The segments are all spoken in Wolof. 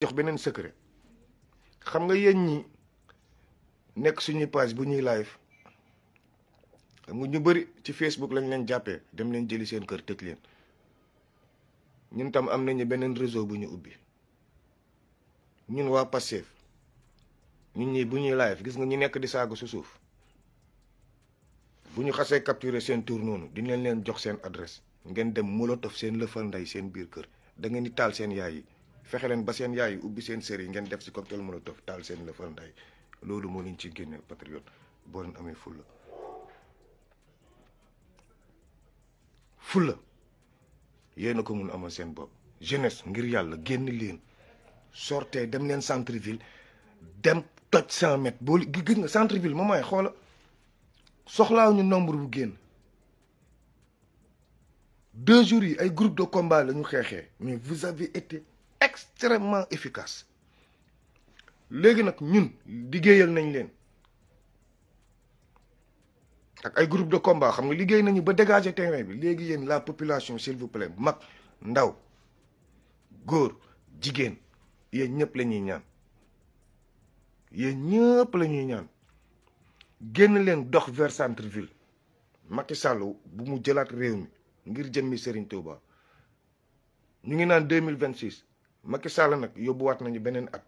jox beneen secret xam nga yéen ñi nekk suñuy page bu ñuy live xam nga ñu bëri ci Facebook lañ leen jàppee dem leen jëli seen kër tëj leen ñun tam am nañu beneen réseau bu ñu ubbi ñun waa Pastef ñun ñi bu ñuy live gis nga ñu nekk di saaga su suuf bu ñu xasee capturer seen tour noonu dinañ leen jox seen adresse ngeen dem molotov seen lëfal ndey seen biir kër da ngeen di taal seen yaay yi. fexe leen ba seen yaay ubbi seen sër yi ngeen def si cocktail molotov taal seen la farandaay loolu moo leen ci génne patriote boo leen amee fulla fulla yéen a ko mun amal seen bopp jeunesse ngir yàlla génn leen sortez dem leen centre ville dem toj cent mètres boo gis nga centre ville moom mooy xoola soxlaaw ñu nombre bu génn deux jours yi ay groupe de combat la ñu xeexee mais vous avez été extrêmement efficace léegi nag ñun liggéeyal nañ leen ak ay groupe de combat xam nga liggéey nañu ba dégager terrain bi léegi yéen la population s'il vous plaît mag ndaw góor jigéen yéen ñëpp la ñuy ñaan yéen ñëpp la ñuy ñaan génn leen dox vers centre ville Macky Sall bu mu jëlaat réew mi ngir jëmmi Serigne Touba ñu ngi naan deux mille vingt six Macky Sall nag yóbbuwaat nañu beneen at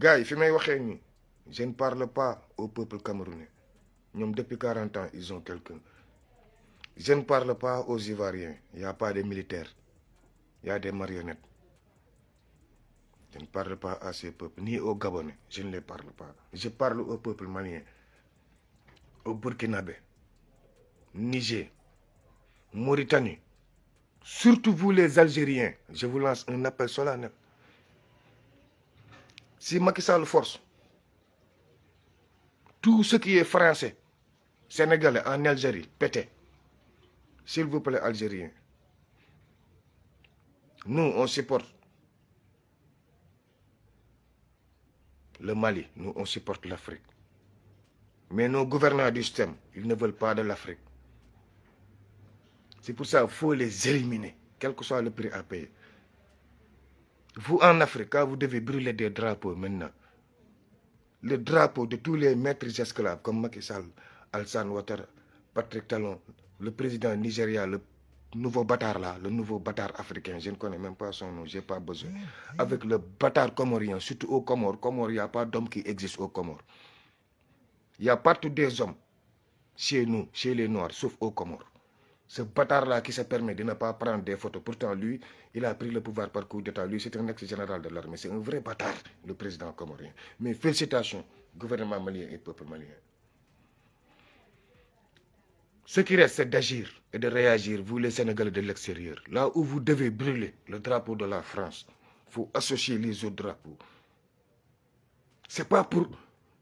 gars yi fi may waxee nii je ne parle pas au peuple camerounais ñoom depuis quarante ans ils ont quelqu'un je par parle pas au Ivoiriens y a pas des militaires y des marionnettes je par parle pas à ces peuples ni aux Gabonais je ne les parle pas je parle au peuple malien au Burkinabé Niger surtout vous les Algériens je vous lance un appel solennel si Macky force tout ce qui est français sénégalais en Algérie pété s'il vous plaît Algériens nous on supporte le Mali nous on supporte l'Afrique mais nos gouvernants du système ils ne veulent pas de l'Afrique C'est pour ça qu'il les éliminer, quel que soit le prix à payer. Vous, en Afrique, quand vous devez brûler des drapeaux maintenant, le drapeau de tous les maîtres esclaves, comme Macky Sall, Alsan Ouattara, Patrick Talon, le président Nigeria, le nouveau batar la le nouveau batar africain, je connais même pas son nom, je pas besoin. Avec le bâtard comorien, surtout au Comores, Comores, il n'y a pas d'homme qui existe au Comores. Il y a partout des hommes chez nous, chez les Noirs, sauf au Comores. ce bâtard-là qui se permet de ne pas prendre des photos. Pourtant, lui, il a pris le pouvoir par coup d'État. Lui, c'est un ex-général de l'armée. C'est un vrai bâtard, le président comorien. Mais félicitations, gouvernement malien et peuple malien. Ce qui reste, c'est d'agir et de réagir, vous les Sénégalais de l'extérieur. Là où vous devez brûler le drapeau de la France, il faut associer les autres drapeaux. Ce n'est pas pour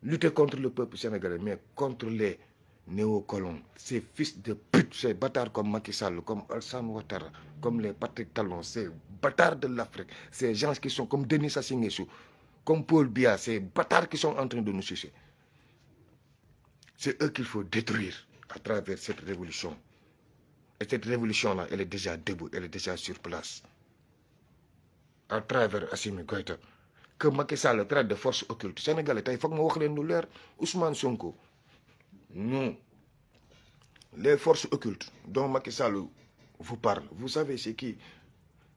lutter contre le peuple sénégalais, mais néocolons, ces fils de pute, ces bâtards comme Macky Sall, comme Alsan Ouattara, comme les Patrick Talon, ces bâtards de l'Afrique, ces gens qui sont comme Denis Sassou comme Paul Biya, ces bâtards qui sont en train de nous sucer. C'est eux qu'il faut détruire à travers cette révolution. Et cette révolution-là, elle est déjà debout, elle est déjà sur place. À travers Assimi Goïta, que Macky Sall traite de force occulte. Sénégalais, il faut que je vous Ousmane Sonko. Non. Les forces occultes dont Macky Sall vous parle, vous savez c'est qui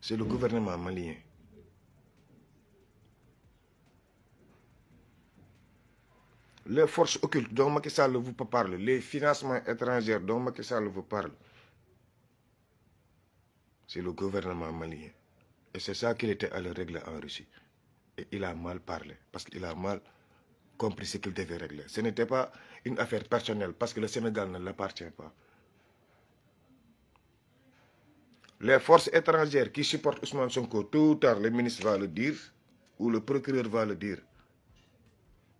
C'est le gouvernement malien. Les forces occultes dont Macky Sall vous parle, les financements étrangers dont Macky Sall vous parle, c'est le gouvernement malien. Et c'est ça qu'il était à le régler en Russie. Et il a mal parlé, parce qu'il a mal compris ce qu'il devait régler. Ce n'était pas une affaire personnelle parce que le Sénégal ne l'appartient pas. Les forces étrangères qui supportent Ousmane Sonko, tôt ou tard, le ministre va le dire ou le procureur va le dire.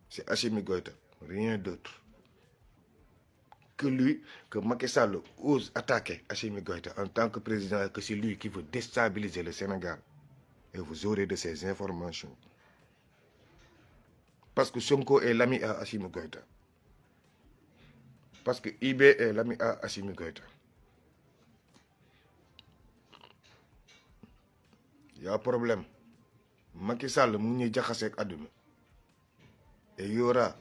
C'est Hachimi Goïta, rien d'autre. Que lui, que Macky Sall ose attaquer Hachimi Goïta en tant que président et que c'est lui qui veut déstabiliser le Sénégal. Et vous aurez de ces informations. Parce que Sonko est l'ami à Hachimi Goïta. parce que IB la l'ami à Assimi Goïta. Il y problème. Macky Sall mu ngi ñuy jaxase ak àdduna et y aura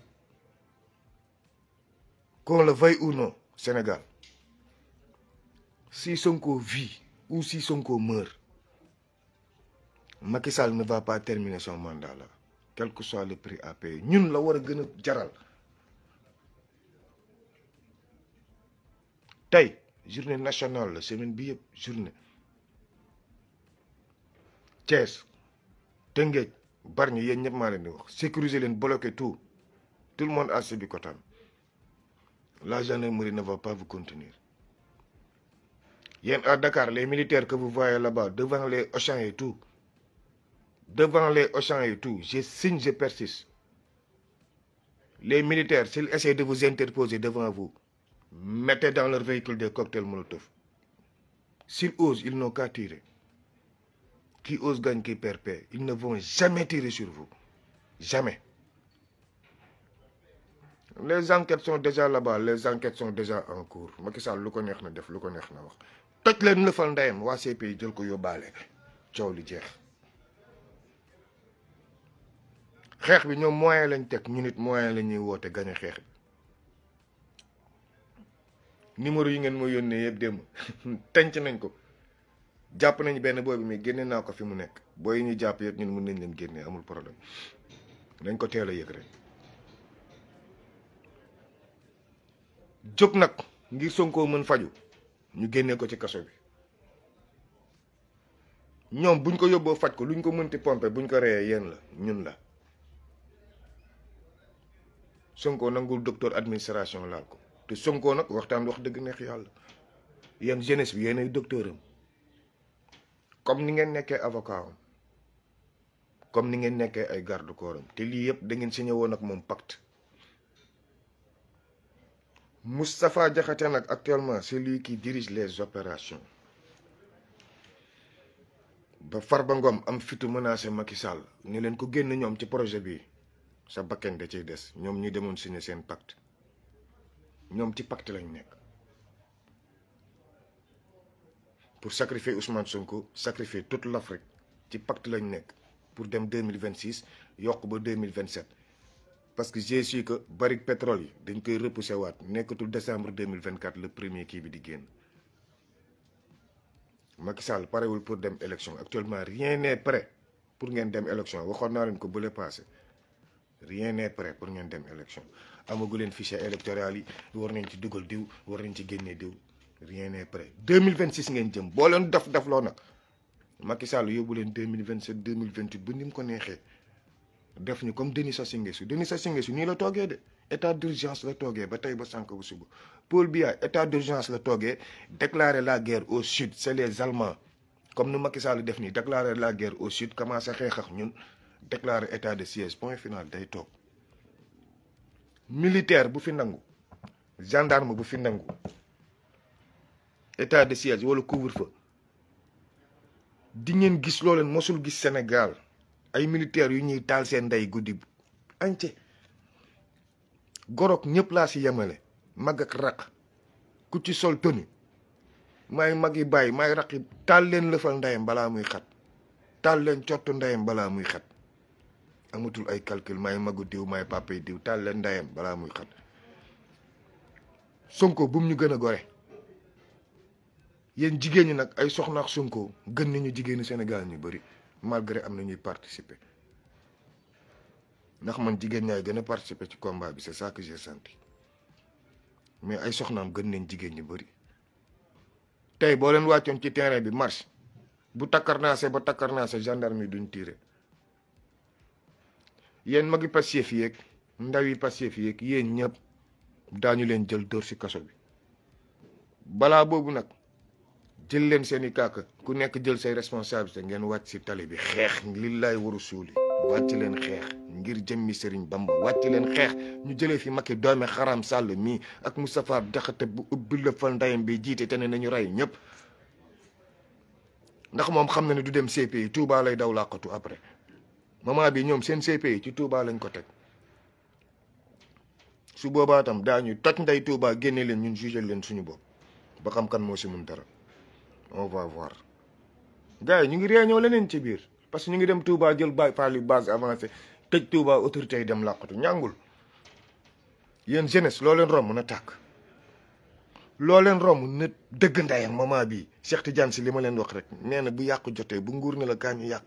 qu'on le ou non Sénégal si Sonko vi ou si Sonko meurt Macky Sall ne va pas terminer son mandat quel que soit le prix à payer ñun la war a gën a jaral tey journée nationale la semaine bi yëpp journée Thiès Tëngéej Bargny yéen ñëpp maa leen di wax sécuriser leen bloquer tout tout le monde à Sébikotane la gendarmerie ne va pas vous contenir yéen à Dakar les militaires que vous voyez laba bas devant les Auchan et tout devant les Auchan et tout je signe je persiste les militaires s'ils essaient de vous interposer devant vous mettez dans leur véhicule des cocktails Molotov. S'ils osent, ils n'ont qu'à tirer. Qui ose gagne, qui perd, paix. Ils ne vont jamais tirer sur vous. Jamais. Les enquêtes son déjà là le les enquêtes sont déjà en cours. Macky Sall lu ko neex na def lu ko neex na wax toj leen lëfal ndeyam waa CPI jël ko yóbbaale coow li jeex. xeex bi ñoom moyen lañ teg ñu nit moyen la ñuy woote gañ xeex bi. numéro yi ngeen ma yónnee yëpp démb tenc nañ ko jàpp nañ benn booy bi mais génne naa ko fi mu nekk booy yi ñu jàpp yëpp ñun mën nañ leen génnee amul problème nañ ko teel a yëg rek jóg nag ngir Sonko mën faju ñu génnee ko ci kaso bi ñoom buñ ko yóbboo faj ko luñ ko mënti pompe buñ ko reyee yéen la ñun la Sonko nangul docteur administration laal ko te Sonko nag waxtaan wax dëgg neex yàlla yéen jeunesse bi yéen ay docteur comme ni ngeen nekkee avocat am comme ni ngeen nekkee ay garde corps am te lii yëpp da ngeen signé woon ak moom pact Moustapha Diakhaté nag actuellement celui kii dirige les opérations ba Farba Ngom am fitu menacé Macky Sall ni leen ko génn ñoom ci projet bi sa bakken da ciy des ñoom ñu demoon signé seen pacte ñoom ci pacte lañ nekk pour sacrifier Ousmane Sonko sacrifier toute l'Afrique ci pacte lañ nekk pour dem deux mille vingt six yokk ba deux mille vingt sept parce que je suis que baril pétrole yi dañ koy repousser waat nekkatul décembre deux mille vingt quatre le premier kii bi di génn Macky parewul pour dem élection actuellement rien n'est prêt pour ngeen dem élection waxoon naa leen ko bu le passé rien n'est prêt pour ngeen dem élection. amagu leen fichier électoral yi war nañ ci dugal diw war nañ ci génnee diw rien mille vingt 2026 ngeen jëm boo leen def daf loo nag Macky Sall yóbbu leen 2027 2028 bu ni mu ko neexee def ñu comme Denis Sassou Nguesso Denis Sassou Nguesso nii la toogee de état d'urgence la toogee ba tey ba sànq bu suba bi Biya état d'urgence la toogee déclarer la guerre au sud c'est les comme nu Macky Sall def nii déclarer la guerre au sud commencé xeex ak ñun déclarer de siège point final day toog militaire bu fi nangu gendarme bu fi nangu état de siège wala couvre-feu di ngeen gis loo leen mosul gis Sénégal ay militaires yu ñuy taal seen ndey guddi ance gorog ñëpp laa si yemale mag ak raq ku ci sol toni maay mag yi bàyyi maay raq yi taal leen lëfal ndeyam balaa muy xat taal leen cottu ndeyam balaa muy xat amatul ay calcul may magu diw may papa diw taal leen ndayam balaa muy xat sonko bum ñu gën a gore yéen jigéen ñi nag ay soxnaax sonko gën nañu jigéenu Sénégal ñu bëri malgré am na ñuy participer ndax man jigéen ñaay gën a participer ci combat bi c'est ça que j'ai mais ay soxnaam gën nañ jigéen ñu bëri tey boo leen wàccoon ci terrain bi marche bu takkarnaase ba takkarnaase gendarme yi duñ tiire yéen magi Pastef yeeg ndaw yi Pastef yeeg yéen ñëpp daañu leen jël dóor si kaso bi balaa boobu nag jël leen seeni i ku nekk jël say responsabilité ngeen wàcc si tali bi xeex lillaay waru suuli wàcc leen xeex ngir jëmmi Serigne Bamba wàcc leen xeex ñu jëlee fi Macky doome xaram sàll mii ak Moustapha Jaxate bu ubbi la fal ndayam bi jiite te ne nañu rey ñëpp ndax moom xam na ne du dem CPI Touba lay daw làqatu après moment bi ñoom seen CPI ci Touba lañ ko teg su boobaa tam daañu toj nday Touba génne leen ñun jugé leen suñu bopp ba xam kan moo si mun dara on va voir. gars ñu ngi réunion leneen ci biir parce que ñu ngi dem Touba jël ba faali base avancée tëj Touba autorité yi dem làqatu ñàngul yéen jeunesse loo leen romb na tàkk. loo leen romb na dëgg ndeyam bi bii Cheikh Tidiane si li ma leen wax rek nee na bu yàqu jotee bu nguur ne la kaa ñu yàq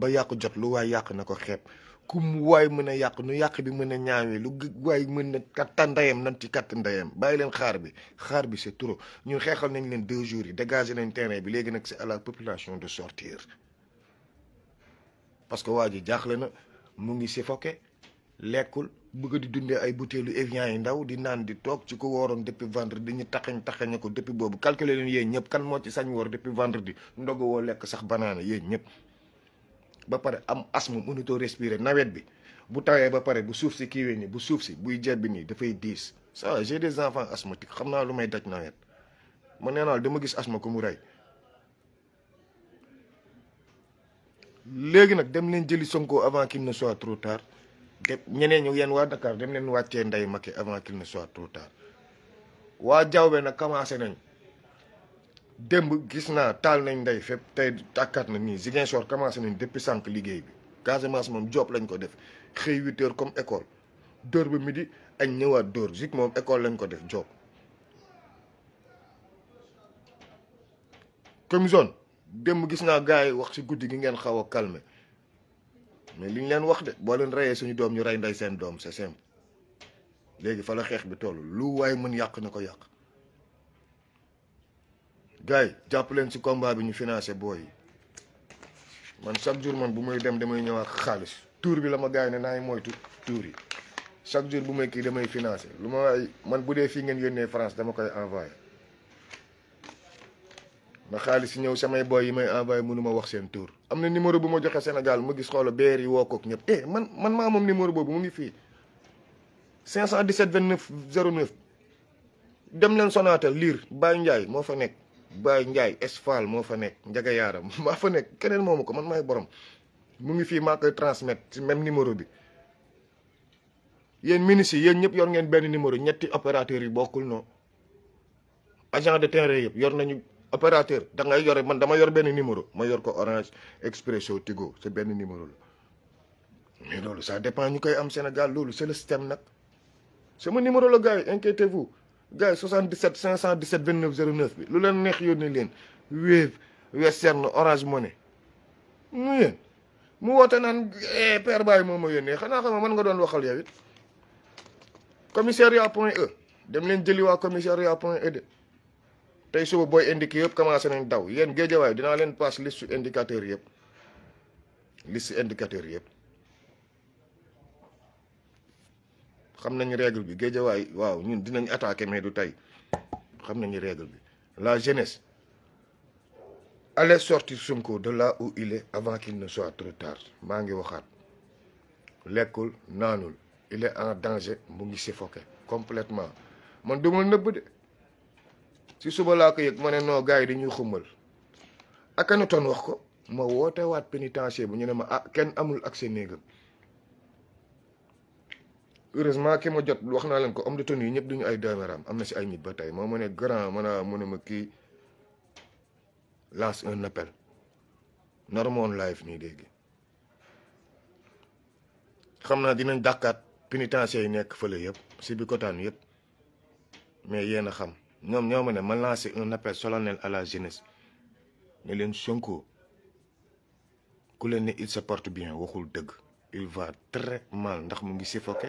ba yàqu jot lu waay yàq na ko xeeb ku mu waay mën a yàq nu yàq bi mën a ñaawee lu waay mën a katta ndeyam nan ci katt ndeyam bàyyi leen xaar bi xaar bi c'est trop ñu xeexal nañ leen deux jours yi dégagé nañ terrain bi léegi nag c'est à la population de sortir parce que waa ji jaaxle na mu ngi si suffoqué lekkul bëgg di dundee ay butéelu Evian yi ndaw di naan di toog ci ko wooroon depuis vendredi ñu taxañ taxañe ko depuis boobu calculer leen yéen ñëpp kan moo ci sañ woor depuis vendredi ndogu woo lekk sax banaana yéen ñëpp ba pare am asthme mënutoo respirer nawet bi bu tawee ba pare bu suuf si kiiwee nii bu suuf si buy jebbi nii dafay diis ça j'ai des enfants xam naa may daj nawet ma nee naa dama gis asthme ko mu rey léegi nag dem leen jëli Sonko avant qu'il ne soit trop tard ñeneen ñu yéen waa Dakar dem leen wàccee nday Macky avant qu'il ne soit trop tard waa jawbe nag commencé nañ démb gis naa taal nañ nday fépp tey tàkkaat na nii Ziguinchor commencé nañ depuis sànq liggéey bi Casamance moom job lañ ko def xëy huit heures comme école dóor ba midi añ ñëwaat dóor zik moom école lañ ko def job comme zone démb gis naa gars yi wax ci guddi gi ngeen xaw a calmer mais li ñu leen wax de boo leen reyee suñu doom ñu rey ndey seen doom sa simple léegi fa la xeex bi toll lu waaye mën yàq na ko yàq gars yi jàpp leen si combat bi ñu financé booy yi man chaque jour man bu may dem damay ñëwaat xaalis tour bi la ma gars yi ne naay moytu tour yi chaque jour bu may kii damay financé lu ma man bu dee fii ngeen yónnee France dama koy envoyé na xaalis ñëw samay boy yi may envoyé mënuma wax seen tur am na numéro bu ma joxe Sénégal ma gis xoola beer yi woo kook ñëpp eh, man maa moom numéro boobu mu ngi fii 517 29 09 dem leen Sonatel liir Baye Ndiaye moo fa nekk Baye Ndiaye Esfal moo fa nekk Njaga Yaara maa fa nekk keneen moomu ko man maay borom mu ngi fii maa koy transmettre ci numéro bi yéen ministres yi ñëpp yor ngeen benn numéro ñetti opérateurs yi bokkul noo agent de terrain yëpp yor nañu opérateur da ngay yore man dama yor benn numéro ma yor ko Orange Expresso Tigo c'est benn numéro la mais loolu ça dépend ñu koy am Sénégal loolu c'est le système nag sama numéro la gars yi inquiétez-vous gars yi 77 517 29 09 bi lu leen neex yónnee leen Wave Western Orange Money mu yéen mu woote naan eh, père moom ma yónnee xanaa xam nga mën nga doon waxal yow it commissariat point E dem jëli waa commissariat point E de tey suba booy indiqué yëpp commencé nañ daw yéen géejawaay dinaa leen paas liste indicateur yëpp liste indicateur yëpp xam nañu règle bi géejawaay waaw ñun dinañ attaqué mais du tey xam nañu règle bi la jeunesse allez sortir Sonko de la où il avant qu'il ne soit trop maa ngi waxaat lekkul naanul il en danger mu ngi suffoqué complètement man du ma de si suba laa ko yëg ma ne non gars yi dañuy xumbal ak anu ton wax ko ma woote waat pénitencier bu ñu ne ma ah kenn amul ak accès néegam heureusement ki ma jot wax naa leen ko homme de tenue yi ñëpp duñu ay doomeraam am na si ay nit ba tey moo ma ne grand ma a mu ne ma kii lance un appel normal live nii léegi xam naa dinañ dàkkaat pénitencier yi nekk fële yëpp si bi kotaan yëpp mais yéen a xam ñoom ñoo ma ne ma lancer un appel solennel à la jeunesse ne leen Sonko ku leen ne il se porte bien waxul dëgg il va très mal ndax mu ngi suffoqué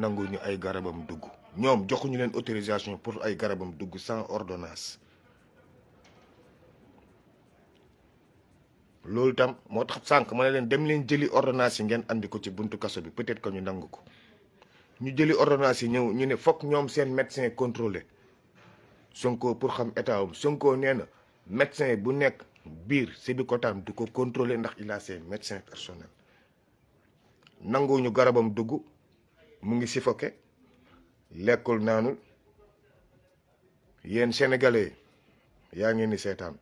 nangu ñu ay garabam dugg ñoom joxuñu leen autorisation pour ay garabam dugg sans ordonnance loolu tam moo tax sànq ma ne leen dem leen jëli ordonnance yi ngeen andi ko ci buntu kaso bi peut-être que ñu nangu ko ñu jëli ordonnance yi ñëw ñu ne fokk ñoom seen médecin contrôlé Sonko pour xam état am Sonko nee na médecin bu nekk biir si du ko contrôler ndax il a ses médecins personnels nanguwuñu garabam dugg mu ngi si sifoke lekkul naanul yéen sénégalais yaa ngi ni seetaan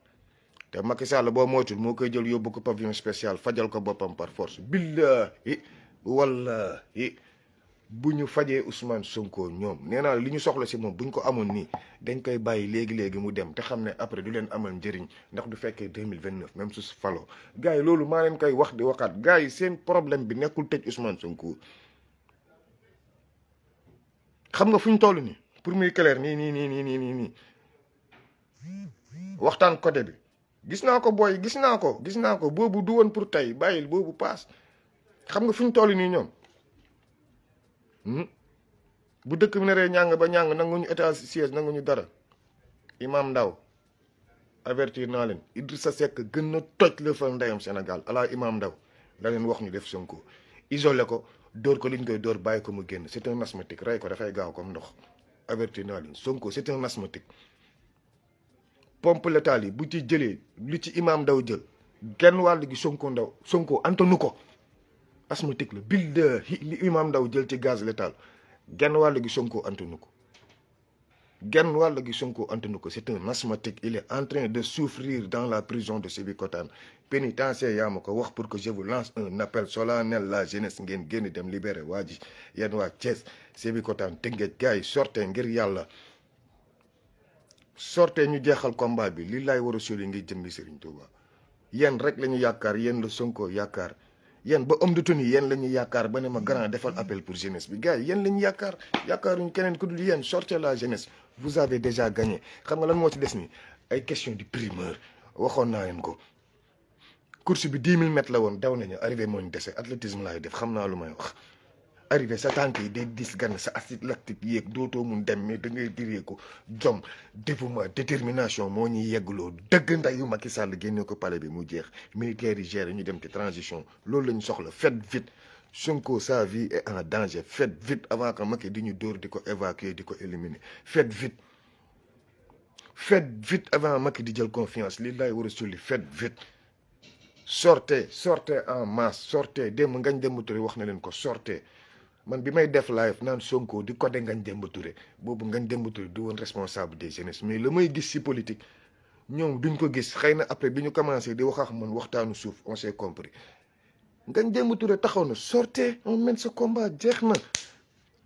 te Macky Sall boo moytul moo koy jël yóbbu ko pavillon spéciale fajal ko boppam par force billahi wallahi bu ñu fajee Ousmane Sonko ñoom nee naa li ñu soxla si moom bu ñu ko amoon nii dañ koy bàyyi léegi léegi mu dem te xam ne après du leen amal njëriñ ndax du fekkee 2029 même su falo gars yi loolu maa leen koy wax di waxaat gars yi seen problème bi nekkul tëj Ousmane Sonko xam nga fu ñu toll nii pour muy clair nii nii nii nii nii nii waxtaan côté bi gis naa ko booy gis naa ko gis naa ko boobu du woon pour tey bàyyil boobu paas xam nga fu ñu toll nii ñoom. Hmm? bu dëkk bi naree ñàng ba ñàng nanguñu état siège ñu dara imaam Ndao avertir naa leen Idrissa Seck gën na toj la fa ndeyam senegal ala imaam Ndao la leen wax ñu def Sonko isolé ko dóor ko liñ koy dóor bàyyi ko mu génn c'est un asthmatique rey ko dafay gaaw kom ndox avertir naa leen Sonko c'est un asthmatique pompe létale yi bu ci jëlee li ci Imam ndaw jël genn wàll gi Sonko ndaw Sonko antanu ko asthmatique la bill de li Imam Ndaw jël ci gaz létal genn wàll gi Sonko antunu ko genn wàll gi Sonko antunu ko c'est un asthmatique il est en de souffrir dans la prison de Sébikotane pénitencier yaa ma ko wax pour que je vous lance un appel solennel la jeunesse ngeen génn dem libéré waa ji yéen waa Thiès Sébikotane Tëngéej gars yi sortez ngir yàlla sortez ñu jeexal combat bi li laay war a soli ngi jëm bi Serigne Touba yéen rek lañu ñu yaakaar yéen Sonko yaakaar yéen ba homme de tenue yéen la ñuy yaakaar ba ne ma grand defal appel pour jeunesse bi gars yi yéen la ñuy yaakaar yaakaaruñu keneen ku dul yéen sortez la jeunesse vous avez déjà gagné xam nga lan moo ci des nii ay question du primeur waxoon naa leen ko course bi 10 000 la woon daw nañu arrivé moo ñu dese athlétisme laay def xam naa lu may wax arrivé sa tànk yi day dis gan sa acide lactique yéeg dootoo mu dem mais da ngay diree ko jom dévouement détermination moo ñuy yeggloo dëgg ndeyu Macky Sall génne ko palais bi mu jeex militaires yi géré ñu dem ci transition loolu lañ soxla faites vite Sonko sa vie est en danger faites vite avan que Macky di ñu dóor di ko évacuer di ko éliminer faites vite faites vite avant Macky di jël confiance lii laay war a sulli faites vite sortez sortez en masse sortez démb ngañ dem Touré wax na leen ko sortez man bi may def live naan Sonko di côté Ngagne Demba Touré boobu Ngagne Demba Touré woon responsable des jeunesses mais la may gis si politique ñoom duñ ko gis xëy na après bi ñu commencé di wax ak man waxtaanu suuf on s'est compris Ngagne Demba Touré taxaw na sortez on mène ce combat jeex na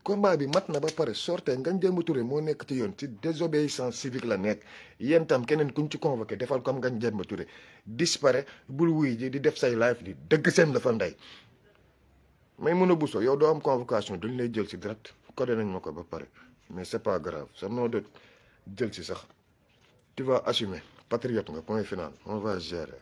combat bi mat na ba pare sorte Ngagne Demba moo nekk ci yoon ci désobéissance civique la nekk yentam keneen kuñ ci convoqué defal comme Ngagne Demba Touré disparaît bul wuy ji di def say live di dëgg seen la fa may mën a buso yow doo am convocation duñ lay jël si direct codé nañ ma ko ba pare mais c'est pas grave sa noo de jël si sax tu vas assumer patriote nga point final on va gérer